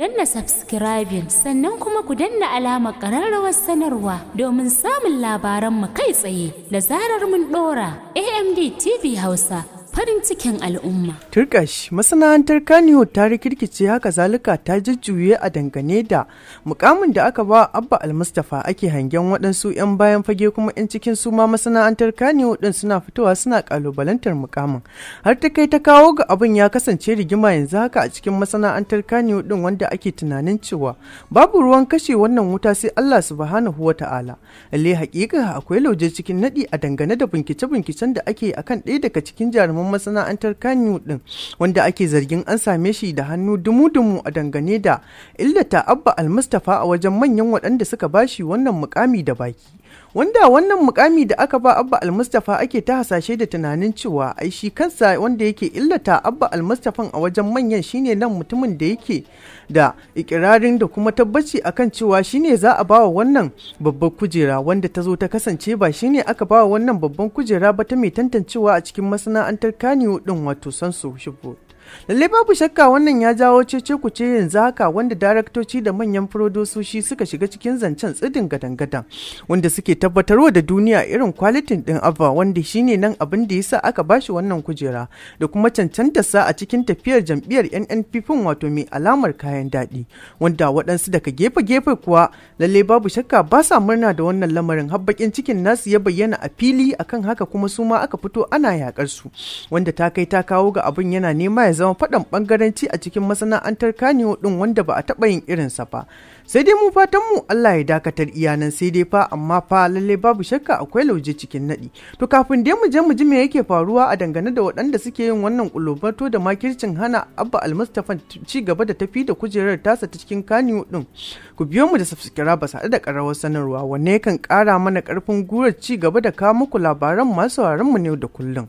danna subscribing sannan kuma ku danna alamar ƙararrawar sanarwa domin samun labaranmu kai tsaye da zarar mun ɗora amd tv hausa farin cikin al'umma. Turkash masana'antar Kaniyo ta rikirkice haka zalika ta jujjuye a dangane da mukamin da aka ba Abba al Almustafa ake hangen waɗansu 'yan bayan fage kuma 'yan cikin su ma masana'antar Kaniyo ɗin suna fitowa suna kalubalantar mukamin. Har ta kai ta kawo ga abin ya kasance rigima yanzu haka a cikin masana'antar Kaniyo ɗin wanda ake tunanin cewa babu ruwan kashe wannan wuta sai Allah subhanahu wa ta'ala. Lalle hakika akwai lauje cikin naɗi a dangane da bincike bunkicen da ake akan ɗaya daga cikin jaruman kamar masana'antar kanyu ɗin wanda ake zargin an same shi da hannu dumu-dumu a dangane da illata abba almustafa a wajen manyan waɗanda suka bashi wannan mukami da baki wanda wannan mukami da aka ba abba almustafa ake ta hasashe da tunanin cewa ai shi kansa wanda yake illata abba almustafan a wajen manyan shine nan mutumin da yake da ikirarin da kuma tabbaci akan cewa shine za a bawa wannan babban kujera wanda ta zo ta kasance ba shine aka bawa wannan babban kujera ba ta mai tantancewa a cikin masana'antar kaniyo din wato sansu Lalle babu shakka wannan ya jawo cece ce yanzu haka wanda daraktoci da manyan furodososi suka shiga cikin zancen tsidin gadan-gadan wanda suke tabbatarwa da duniya irin kwalitin din abba wanda shine nan abin da yasa aka bashi wannan kujera da kuma sa a cikin tafiyar jam'iyyar NNPP wato mai alamar kayan daɗi wanda waɗansu daga gefe-gefe kuwa lalle babu shakka ba sa murna da wannan lamarin habbakin cikin nasu ya bayyana a fili akan haka kuma suma aka fito ana yakar su wanda ta kai ta kawo ga abin yana nema ya ya zama faɗan ɓangaranci a cikin masana'antar kaniyo ɗin wanda ba a taɓa yin irin sa ba sai dai mu fatan mu Allah ya dakatar iyanan sai dai fa amma fa lalle babu shakka akwai lauje cikin naɗi to kafin dai mu je mu ji me yake faruwa a dangane da waɗanda suke yin wannan kulubato da makircin hana Abba Almustafa ci gaba da tafi da kujerar tasa ta cikin kaniyo ɗin ku biyo mu da subscribe sa da ƙararrawar sanarwa wanne kan ƙara mana ƙarfin gurar ci gaba da kawo muku labaran masu mu ne da kullum.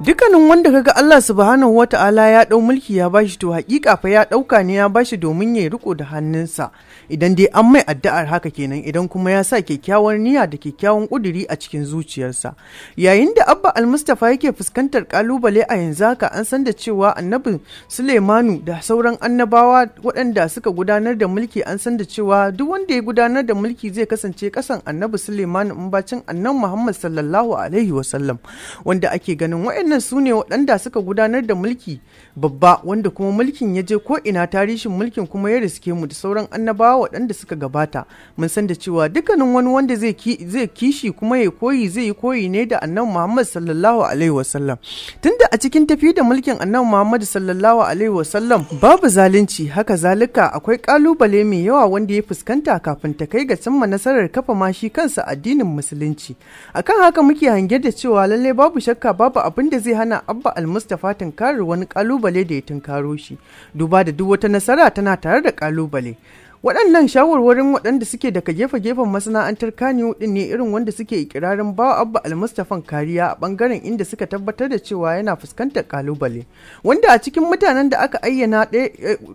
dukkanin wanda kaga Allah subhanahu wa ta'ala ya ɗau mulki ya bashi to hakika fa ya ɗauka ne ya bashi domin ya riko da hannunsa idan dai an mai addu'ar haka kenan idan kuma ya sa kyakkyawar niyya da kyakkyawan ƙuduri a cikin zuciyarsa. Yayin da Abba Almustafa yake fuskantar kalubale a yanzu haka an san da cewa annabi Suleimanu da sauran annabawa waɗanda suka gudanar da mulki an san da cewa duk wanda ya gudanar da mulki zai kasance kasan annabi Suleimanu in bacin annan Muhammad sallallahu alaihi sallam wanda ake ganin wa'in waɗannan su ne waɗanda suka gudanar da mulki babba wanda kuma mulkin ya je ko ina tarihin mulkin kuma ya riske mu da sauran annabawa waɗanda suka gabata mun san da cewa dukkanin wani wanda zai kishi kuma ya koyi zai yi koyi ne da annabi Muhammad sallallahu alaihi wasallam tunda a cikin tafi da mulkin annabi Muhammad sallallahu alaihi wasallam babu zalunci haka zalika akwai kalubale mai yawa wanda ya fuskanta kafin ta kai ga cimma nasarar kafa mashi kansa addinin musulunci akan haka muke hange da cewa lallai babu shakka babu abin da zai hana abba almustapha tunkarar wani kalubale da ya tunkaro shi duba da duk wata nasara tana tare da kalubale waɗannan shawarwarin waɗanda suke daga gefe-gefen masana'antar kaniyu ɗin ne irin wanda suke ikirarin bawa abba almustafan kariya a ɓangaren inda suka tabbatar da cewa yana fuskantar kalubale wanda a cikin mutanen da aka ayyana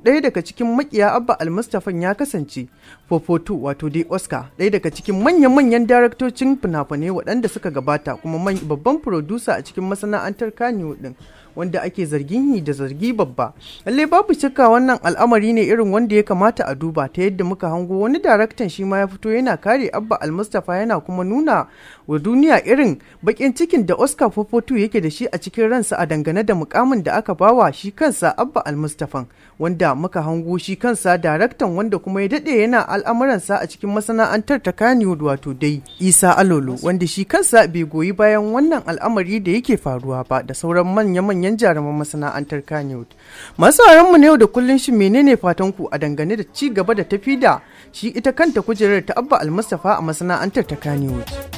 ɗaya daga cikin makiya abba almustafan ya kasance fofoto wato dai oscar ɗaya daga cikin manya manyan daraktocin fina-finai waɗanda suka gabata kuma babban furodusa a cikin masana'antar kaniyu ɗin wanda ake zargin yi da zargi babba lalle babu shakka wannan al'amari ne irin wanda ya kamata a duba ta yadda muka hango wani daraktan shi ma ya fito yana kare abba almustafa yana kuma nuna wa duniya irin bakin cikin da oscar fofotu yake da shi a cikin ransa a dangane da mukamin da aka bawa shi kansa abba almustafan wanda muka hango shi kansa daraktan wanda kuma ya dade yana al'amuransa a cikin masana'antar ta kaniwood wato dai isa alolo wanda shi kansa bai goyi bayan wannan al'amari da yake faruwa ba da sauran manya-manya manyan jaruman masana'antar Kanyewood. Masu mu na yau da kullun shi menene fatan ku a dangane da ci gaba da tafi da shi ita kanta kujerar ta Abba Almustafa a masana'antar ta Kanyewood.